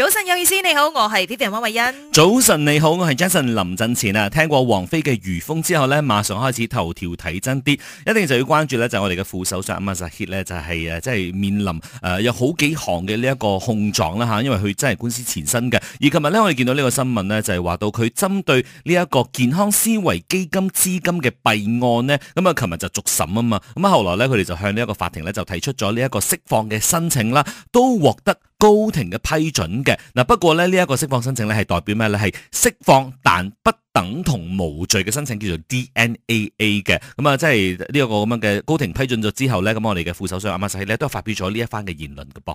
早晨有意思，你好，我係 p e t e y 溫慧欣。早晨你好，我係 Jason 林振前啊。聽過王菲嘅《如風》之後呢，馬上開始頭條睇真啲，一定就要關注呢，就是，我哋嘅副首相阿 Masuk 就係、是、誒、即、就、係、是、面臨誒、呃、有好幾行嘅呢一個控狀啦吓、啊，因為佢真係官司纏身嘅。而琴日呢，我哋見到呢個新聞呢，就係、是、話到佢針對呢一個健康思維基金資金嘅弊案呢。咁、嗯、啊，琴日就續審啊嘛，咁、嗯、啊，後來呢，佢哋就向呢一個法庭呢，就提出咗呢一個釋放嘅申請啦，都獲得。高庭嘅批准嘅。嗱，不過咧，呢一個釋放申請咧係代表咩咧？係釋放但不等同無罪嘅申請，叫做 DNAA 嘅。咁啊，即係呢一個咁樣嘅高庭批准咗之後咧，咁我哋嘅副首相阿馬薩希咧都發表咗呢一番嘅言論㗎噃。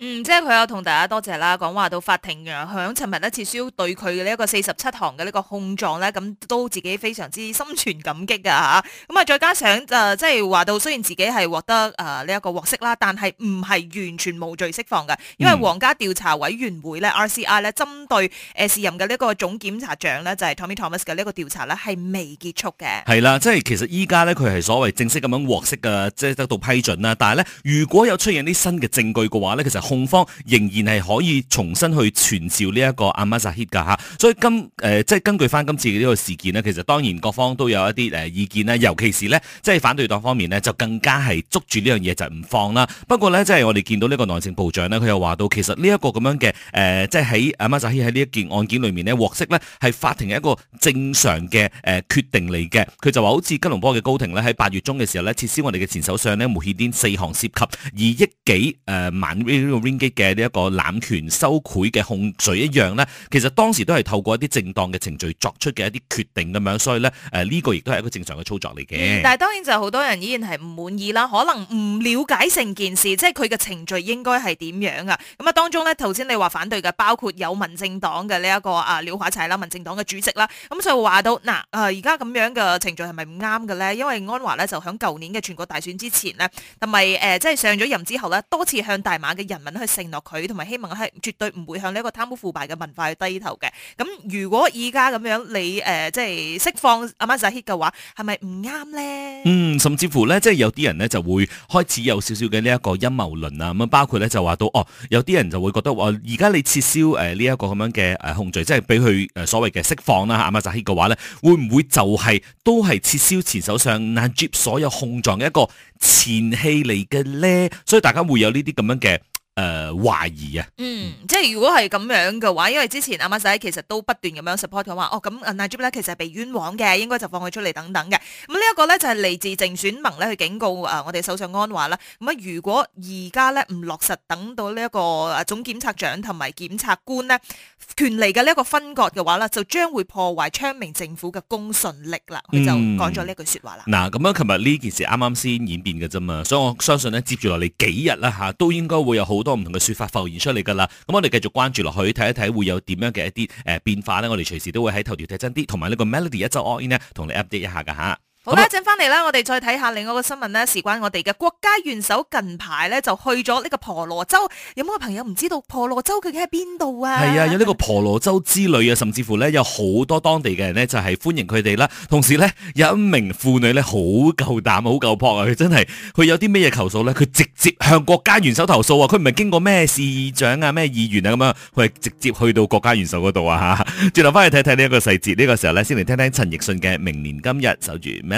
嗯，即係佢有同大家多謝啦，講話到法庭響尋日撤銷對佢嘅呢一個四十七行嘅呢個控狀咧，咁都自己非常之心存感激㗎。吓。咁啊，再加上誒、呃，即係話到，雖然自己係獲得誒呢一個獲釋啦，但係唔係完全無罪釋放嘅，因為皇家調查委員會咧 （R.C.I.） 咧針對誒、呃、現任嘅呢個個總檢察長咧，就係、是、Tommy Thomas 嘅呢個個調查咧係未結束嘅。係啦，即係其實依家咧佢係所謂正式咁樣獲釋嘅，即、就、係、是、得到批准啦。但係咧，如果有出現啲新嘅證據嘅話咧，其實。控方仍然係可以重新去傳召呢一個阿馬薩希噶，吓，所以今即係根據翻今次嘅呢個事件呢，其實當然各方都有一啲意見啦，尤其是呢，即係反對黨方面呢，就更加係捉住呢樣嘢就唔放啦。不過呢，即係我哋見到呢個內政部長呢，佢又話到其實呢一個咁樣嘅即係喺阿馬薩希喺呢一件案件裏面呢，獲釋呢係法庭一個正常嘅決定嚟嘅。佢就話好似吉隆坡嘅高庭呢，喺八月中嘅時候呢，撤銷我哋嘅前首相呢，穆罕丁四項涉及二億幾誒萬。Ringgit 嘅呢一個濫權收賄嘅控罪一樣呢，其實當時都係透過一啲正當嘅程序作出嘅一啲決定咁樣，所以咧誒呢個亦都係一個正常嘅操作嚟嘅、嗯。但係當然就好多人依然係唔滿意啦，可能唔了解成件事，即係佢嘅程序應該係點樣啊？咁、嗯、啊，當中呢，頭先你話反對嘅，包括有民政黨嘅呢一個啊廖華齊啦，民政黨嘅主席啦，咁、嗯、所以話到嗱誒而家咁樣嘅程序係咪唔啱嘅咧？因為安華呢，就喺舊年嘅全國大選之前呢，同埋誒即係上咗任之後呢，多次向大馬嘅人民去承諾佢，同埋希望佢係絕對唔會向呢一個貪污腐敗嘅文化去低頭嘅。咁如果依家咁樣，你誒、呃，即係釋放阿馬扎希嘅話，係咪唔啱咧？嗯，甚至乎咧，即、就、係、是、有啲人咧就會開始有少少嘅呢一個陰謀論啊。咁啊，包括咧就話到哦，有啲人就會覺得話，而、哦、家你撤銷誒呢一個咁樣嘅誒控罪，即係俾佢誒所謂嘅釋放啦阿馬扎希嘅話咧，會唔會就係、是、都係撤銷前首相納吉所有控狀嘅一個前戲嚟嘅咧？所以大家會有呢啲咁樣嘅。誒、呃，懷疑啊！嗯，即係如果係咁樣嘅話，因為之前阿媽仔其實都不斷咁樣 support 佢話，哦咁阿 Najib 咧其實係被冤枉嘅，應該就放佢出嚟等等嘅。咁、嗯這個、呢一個咧就係、是、嚟自淨選盟咧去警告啊，我哋首相安華啦。咁啊，如果而家咧唔落實，等到呢一個總檢察長同埋檢察官咧權力嘅呢一個分割嘅話咧，就將會破壞昌明政府嘅公信力啦。佢就講咗呢句説話啦。嗱、嗯，咁樣琴日呢件事啱啱先演變嘅啫嘛，所以我相信咧接住落嚟幾日啦嚇，都應該會有好多。多唔同嘅說法浮現出嚟噶啦，咁我哋繼續關注落去，睇一睇會有點樣嘅一啲誒、呃、變化咧。我哋隨時都會喺頭條睇真啲，同埋呢個 Melody 一周 all in 咧，同你 update 一下噶吓。好啦，一陣翻嚟啦，我哋再睇下另外一個新聞咧，事關我哋嘅國家元首，近排呢，就去咗呢個婆羅洲。有冇個朋友唔知道婆羅洲究竟喺邊度啊？係啊，有呢個婆羅洲之旅啊，甚至乎呢，有好多當地嘅人呢，就係歡迎佢哋啦。同時呢，有一名婦女夠膽夠呢，好夠膽好夠潑啊，佢真係佢有啲咩嘢投訴呢？佢直接向國家元首投訴啊！佢唔係經過咩市長啊、咩議員啊咁樣，佢係直接去到國家元首嗰度啊！吓，轉頭翻去睇睇呢一個細節。呢個時候呢，先嚟聽聽陳奕迅嘅《明年今日》，守住咩？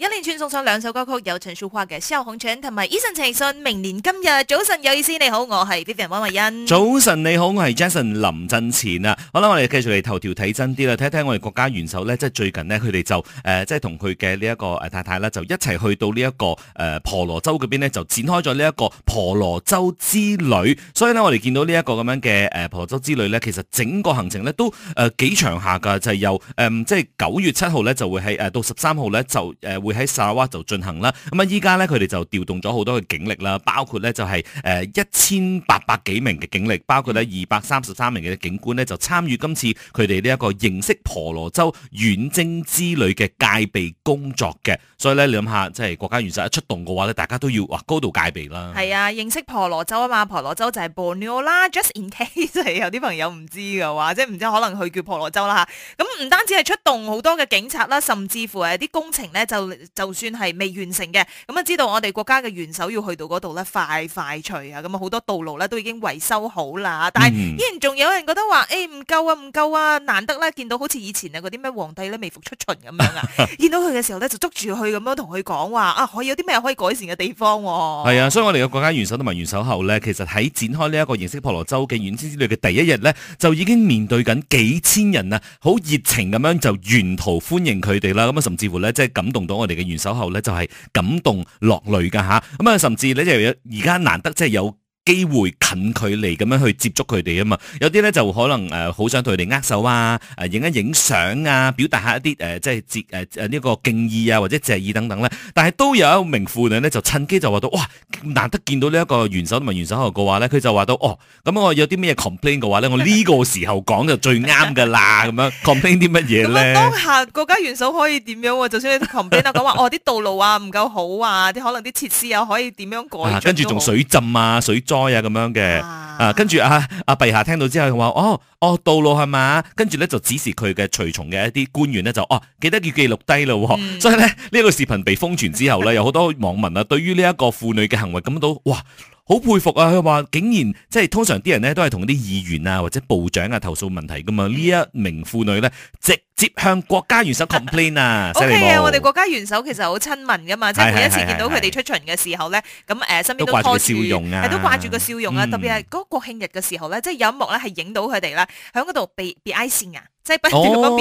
一連串送上兩首歌曲，有陳淑樺嘅《笑紅塵》，同埋 Eason 陳奕迅《明年今日》。早晨有意思，你好，我係 Vivian 汪慧欣。早晨你好，我係 Jason 林振前啊！好啦，我哋繼續嚟頭條睇真啲啦，睇一睇我哋國家元首咧，即係最近呢，佢哋就誒，即係同佢嘅呢一個誒太太啦，就一齊去到呢、這、一個誒、呃、婆羅洲嗰邊呢，就展開咗呢一個婆羅洲之旅。所以呢，我哋見到呢一個咁樣嘅誒婆羅洲之旅呢，其實整個行程呢，都誒幾長下噶，就是、由誒、呃、即係九月七號呢，就會喺誒到十三號呢，就誒。會喺砂拉越就進行啦，咁啊依家咧佢哋就調動咗好多嘅警力啦，包括咧就係誒一千八百幾名嘅警力，包括咧二百三十三名嘅警官咧就參與今次佢哋呢一個認識婆羅洲遠征之旅嘅戒備工作嘅，所以咧你諗下，即係國家元首一出動嘅話咧，大家都要哇高度戒備啦。係啊，認識婆羅洲啊嘛，婆羅洲就係 Borneo 啦，just in case 有啲朋友唔知嘅話，即係唔知可能佢叫婆羅洲啦嚇。咁唔單止係出動好多嘅警察啦，甚至乎係啲工程咧就。就算係未完成嘅，咁啊知道我哋國家嘅元首要去到嗰度呢，快快脆啊！咁啊好多道路呢，都已經維修好啦，但係依然仲有人覺得話，誒、欸、唔夠啊，唔夠啊，難得啦！見到好似以前啊嗰啲咩皇帝呢，微服出巡咁樣啊，見 到佢嘅時候呢，就捉住佢咁樣同佢講話啊，可以有啲咩可以改善嘅地方，啊？係啊，所以我哋嘅國家元首同埋元首后呢，其實喺展開呢一個形式婆羅洲嘅遠征之旅嘅第一日呢，就已經面對緊幾千人啊，好熱情咁樣就沿途歡迎佢哋啦，咁啊甚至乎呢，即係感動到我。你嘅援手後咧，就係感動落淚噶吓，咁啊，甚至咧就有而家難得即係有，機會近距離咁樣去接觸佢哋啊嘛，有啲咧就可能誒好想同佢哋握手啊，誒影一影相啊，表達下一啲誒、呃、即係接誒呢個敬意啊或者謝意等等咧。但係都有一名婦女咧就趁機就話到，哇！難得見到呢一個元首同埋元首號嘅話咧，佢就話到哦，咁我有啲咩 complain 嘅話咧，我呢個時候講就最啱㗎啦，咁 樣 complain 啲乜嘢咧？咁 當下國家元首可以點樣？就算你 complain 講話哦，啲道路啊唔夠好， 好啊，啲可能啲設施又可以點樣改？跟住仲水浸啊，水災。啊咁樣嘅，啊跟住啊，阿陛下聽到之後佢話哦哦到咯係嘛，跟住咧就指示佢嘅隨從嘅一啲官員咧就哦記得要記錄低咯、哦，嗯、所以咧呢、呢個視頻被瘋傳之後咧， 有好多網民啊對於呢一個婦女嘅行為咁到哇。好佩服啊！佢話竟然即係通常啲人咧都係同啲議員啊或者部長啊投訴問題噶嘛，呢、嗯、一名婦女咧直接向國家元首 complain 啊！O K 啊， okay，我哋國家元首其實好親民噶嘛，即係每一次見到佢哋出巡嘅時候咧，咁、呃、身邊都掛住笑容啊，係都掛住個笑容啊，嗯、特別係嗰國慶日嘅時候咧，即係有一幕咧係影到佢哋啦，喺嗰度被被挨線啊！即係不好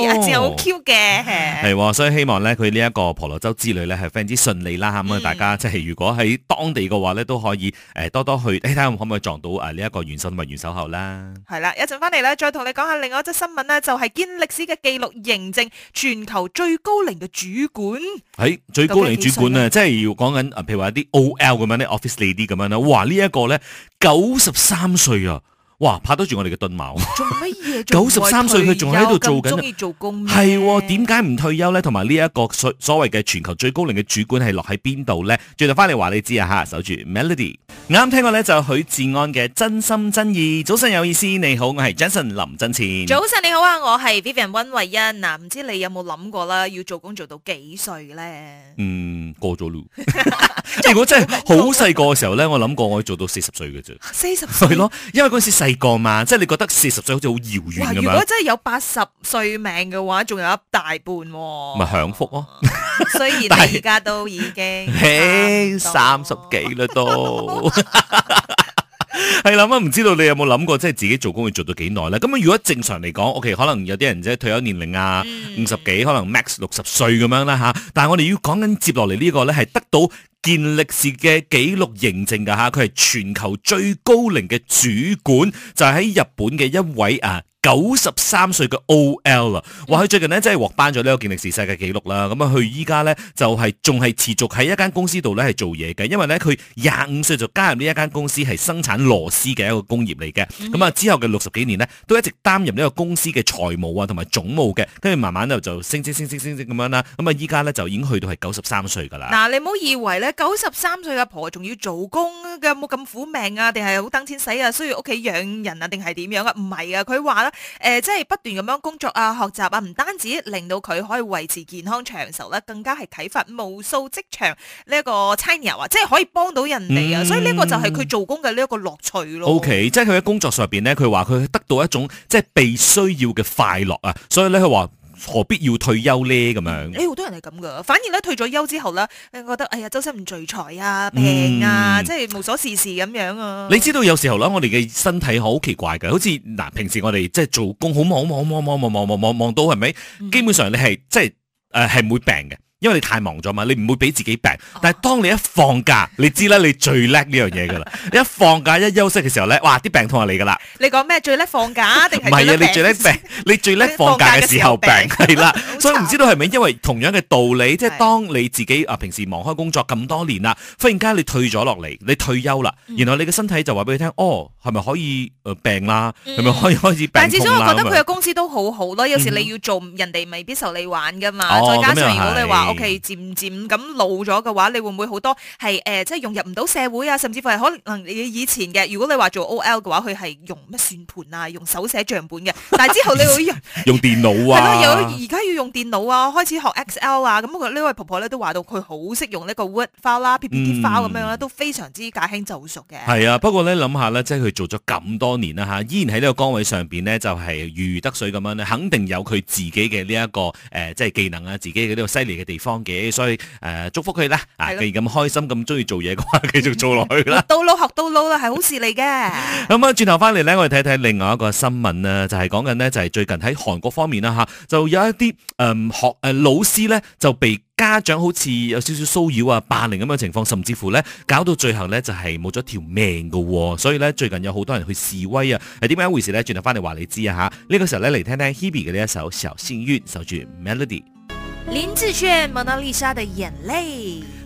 Q 嘅，係、哦、所以希望咧佢呢一個婆羅洲之旅咧係非常之順利啦。咁啊、嗯，大家即係如果喺當地嘅話咧，都可以誒多多去。睇下可唔可以撞到誒呢一個元首同埋元首後啦。係啦，一陣翻嚟咧，再同你講下另外一則新聞咧，就係堅歷史嘅記錄認證全球最高齡嘅主管。喺最高齡主管啊，呢即係要講緊啊，譬如話一啲 OL 咁樣啲 office lady 咁樣啦。哇！呢、這、一個咧九十三歲啊！哇，拍得住我哋嘅盾矛！做乜嘢？九十三歲佢仲喺度做緊，中意做工。係點解唔退休咧？同埋呢一個所所謂嘅全球最高齡嘅主管係落喺邊度咧？最後翻嚟話你知啊吓，守住 Melody。啱聽過咧就許志安嘅真心真意。早晨有意思，你好，我係 Jason 林振前。早晨你好啊，我係 Vivian 溫慧欣。嗱、啊，唔知道你有冇諗過啦，要做工做到幾歲咧？嗯，過咗 還 如果真係好細個嘅時候咧， 我諗過我要做到40歲四十歲嘅啫。四十。係咯，因為嗰時細個嘛，即係你覺得四十歲好似好遙遠咁樣。如果真係有八十歲命嘅話，仲有一大半。哦。咪、啊、享福咯，啊， 雖然你而家都已經了三十幾啦，都係諗啊！唔 知道你有冇諗過，即係自己做工會做到幾耐咧？咁啊，如果正常嚟講，OK，可能有啲人即係退休年齡啊，五十幾，可能 max 六十歲咁樣啦吓，啊。但係我哋要講緊接落嚟呢個咧，係得到。健力士嘅紀錄認證噶，吓，佢係全球最高齡嘅主管，就係喺日本嘅一位啊，九十三歲嘅 OL 啊。話佢最近呢真係獲頒咗呢個健力士世界紀錄啦。咁啊，佢依家，呢就係仲係持續喺一間公司度呢係做嘢嘅，因為呢佢廿五歲就加入呢一間公司係生產螺絲嘅一個工業嚟嘅。咁啊、嗯、哼之後嘅六十幾年呢都一直擔任呢個公司嘅財務啊同埋總務嘅，跟住慢慢又就升升升升升升咁樣啦。咁啊依家，呢就已經去到係九十三歲噶啦。嗱、啊，你唔好以為呢。九十三歲阿婆仲要做工，佢有冇咁苦命啊？定係好等錢使啊？需要屋企養人啊？定係點樣啊？唔係啊，佢話咧，誒、呃，即係不斷咁樣工作啊、學習啊，唔單止令到佢可以維持健康長壽咧，更加係啟發無數職場呢一個差人啊，即係可以幫到人哋啊，所以呢個就係佢做工嘅呢一個樂趣咯。OK，即係佢喺工作上邊咧，佢話佢得到一種即係被需要嘅快樂啊，所以咧佢話。何必要退休咧？咁樣、哎，誒好多人係咁噶。反而咧，退咗休之後咧，覺得哎呀，周身唔聚財啊，病啊，即係、嗯、無所事事咁樣啊。你知道有時候咧，我哋嘅身體好奇怪嘅，好似嗱、呃，平時我哋即係做工，望望望望望望望望望到係咪？是是嗯、基本上你係即係誒，係、呃、唔會病嘅。因為你太忙咗嘛，你唔會俾自己病。但係當你一放假，你知啦，你最叻呢樣嘢噶啦。你一放假一休息嘅時候咧，哇，啲病痛就嚟噶啦。你講咩最叻放假定係最叻病？唔係啊，你最叻病，你最叻放假嘅時候病係啦。所以唔知道係咪因為同樣嘅道理，即係當你自己啊平時忙開工作咁多年啦，忽然間你退咗落嚟，你退休啦，然後你嘅身體就話俾你聽，哦，係咪可以誒病啦？係咪可以開始病？但係始終我覺得佢嘅工資都好好咯。有時你要做人哋未必受你玩噶嘛，再加上如果你話。OK，漸漸咁老咗嘅話，你會唔會好多係、呃、即係融入唔到社會啊？甚至乎係可能你以前嘅，如果你話做 OL 嘅話，佢係用乜算盤啊，用手寫帳本嘅。但係之後你會用， 用電腦啊，係咯，有而家要用電腦啊，開始學 XL 啊。咁呢位婆婆咧都話到，佢好識用呢個 Word File、啊、File 啦、啊、PPT File 咁樣咧，都非常之駕輕就熟嘅。係啊，不過咧諗下咧，即係佢做咗咁多年啦、啊、依然喺呢個崗位上面呢，就係如,如得水咁樣肯定有佢自己嘅呢一個、呃、即係技能啊，自己嘅呢個犀利嘅地。方嘅，所以誒、呃，祝福佢啦！啊的，既然咁開心咁中意做嘢嘅話，繼續做落去啦。到老 學到老啊，係好事嚟嘅。咁啊、 嗯，轉頭翻嚟咧，我哋睇睇另外一個新聞啦，就係講緊呢，就係最近喺韓國方面啦吓，就有一啲誒、嗯、學誒、呃、老師咧就被家長好似有少少騷擾啊霸凌咁嘅情況，甚至乎咧搞到最後咧就係冇咗條命噶。所以咧最近有好多人去示威啊，係點樣一回事咧？轉頭翻嚟話你知啊吓。呢、這個時候咧嚟聽聽 Hebe 嘅呢一首《小幸運》，守住 Melody。Mel 林志炫《蒙娜麗莎的眼淚》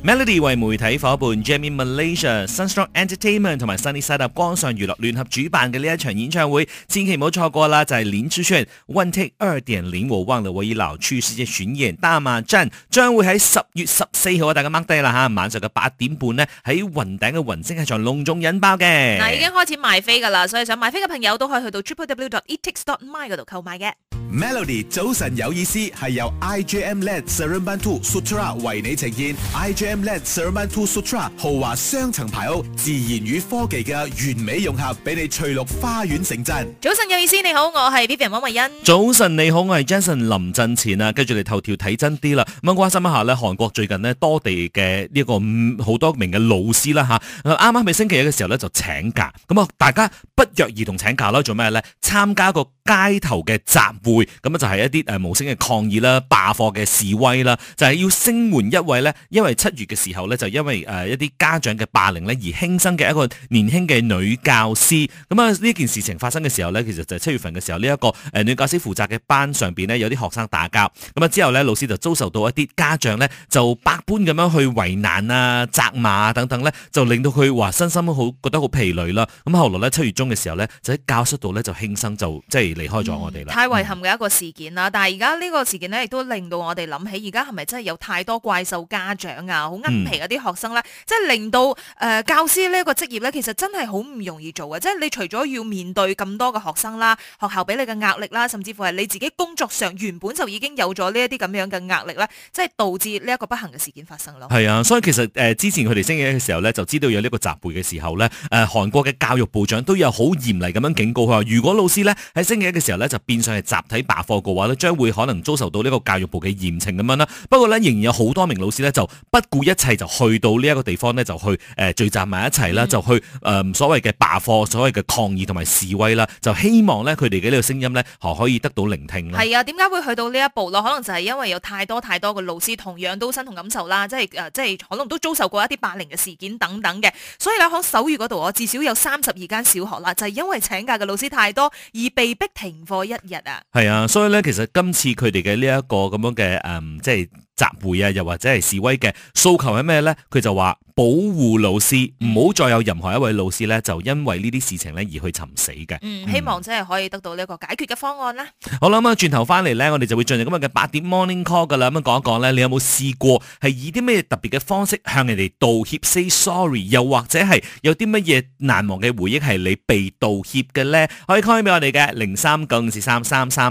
，Melody 為媒體伙伴 Jamie Malaysia、Sunstrong Entertainment 同埋 Sunny Side up 光上娛樂聯合主辦嘅呢一場演唱會，千祈唔好錯過啦！就係、是、林志炫《One Take 2.0》，我忘了，我已老去世界巡演大馬站，將會喺十月十四號啊，大家 mark 低啦吓，晚上嘅八點半咧，喺雲頂嘅雲星劇場隆重引爆嘅。嗱，已經開始賣飛噶啦，所以想買飛嘅朋友都可以去到 www.itix.my 嗰度購買嘅。Melody 早晨有意思，係由 IJM Land Seremban 2 Sutra 為你呈現。IJM Land Seremban 2 Sutra 豪華雙層排屋，自然與科技嘅完美融合，俾你翠綠花園城鎮。早晨有意思，你好，我係 Vivian 汪慧欣。早晨你好，我係 Jason 林振前啊。跟住你頭條睇真啲啦。咁關心一下呢韓國最近呢多地嘅呢、呢個好多名嘅老師啦吓，啱啱咪星期日嘅時候呢？就請假。咁啊，大家不約而同請假啦，做咩呢？參加個街頭嘅集會。咁啊就係一啲誒無聲嘅抗議啦、罷課嘅示威啦，就係、是、要聲援一位呢。因為七月嘅時候呢，就因為誒一啲家長嘅霸凌呢，而輕生嘅一個年輕嘅女教師，咁啊呢件事情發生嘅時候呢，其實就係七月份嘅時候呢一、這個誒女教師負責嘅班上邊呢，有啲學生打交，咁啊之後呢，老師就遭受到一啲家長呢，就百般咁樣去為難啊、責罵啊等等呢，就令到佢話身心好覺得好疲累啦，咁後來呢，七月中嘅時候呢，就喺教室度呢，就輕生就即係離開咗我哋啦，嗯，太遺憾嘅。一個事件啦，但係而家呢個事件呢，亦都令到我哋諗起，而家係咪真係有太多怪獸家長啊？好恩皮嗰啲學生呢？嗯、即係令到誒、呃、教師呢一個職業咧，其實真係好唔容易做嘅。即係你除咗要面對咁多嘅學生啦，學校俾你嘅壓力啦，甚至乎係你自己工作上原本就已經有咗呢一啲咁樣嘅壓力咧，即係導致呢一個不幸嘅事件發生咯。係啊，所以其實誒、呃、之前佢哋星期一嘅時候呢，就知道有呢個集會嘅時候呢，誒、呃、韓國嘅教育部長都有好嚴厲咁樣警告佢話，如果老師呢喺星期一嘅時候呢，就變相係集體。罷課嘅話呢，將會可能遭受到呢個教育部嘅嚴懲咁樣啦。不過呢，仍然有好多名老師呢，就不顧一切就去到呢一個地方呢、呃，就去誒聚集埋一齊啦，就去誒所謂嘅罷課、所謂嘅抗議同埋示威啦，就希望呢，佢哋嘅呢個聲音呢，可以得到聆聽啦。係啊，點解會去到呢一步咯？可能就係因為有太多太多嘅老師同樣都身同感受啦，即係誒、呃，即係可能都遭受過一啲霸凌嘅事件等等嘅，所以呢，響首爾嗰度，我至少有三十二間小學啦，就係、是、因為請假嘅老師太多而被逼停課一日啊。係啊。啊，所以咧，其實今次佢哋嘅呢一個咁樣嘅，嗯，即係集會啊，又或者係示威嘅訴求係咩咧？佢就話保護老師，唔好再有任何一位老師咧，就因為呢啲事情咧而去尋死嘅。嗯，希望真係可以得到呢一個解決嘅方案啦。好啦，咁啊，轉頭翻嚟咧，我哋就會進入今日嘅八點 morning call 噶啦。咁樣講一講咧，你有冇試過係以啲咩特別嘅方式向人哋道歉？say sorry，又或者係有啲乜嘢難忘嘅回憶係你被道歉嘅咧？可以 call 翻俾我哋嘅零三九五四三三三。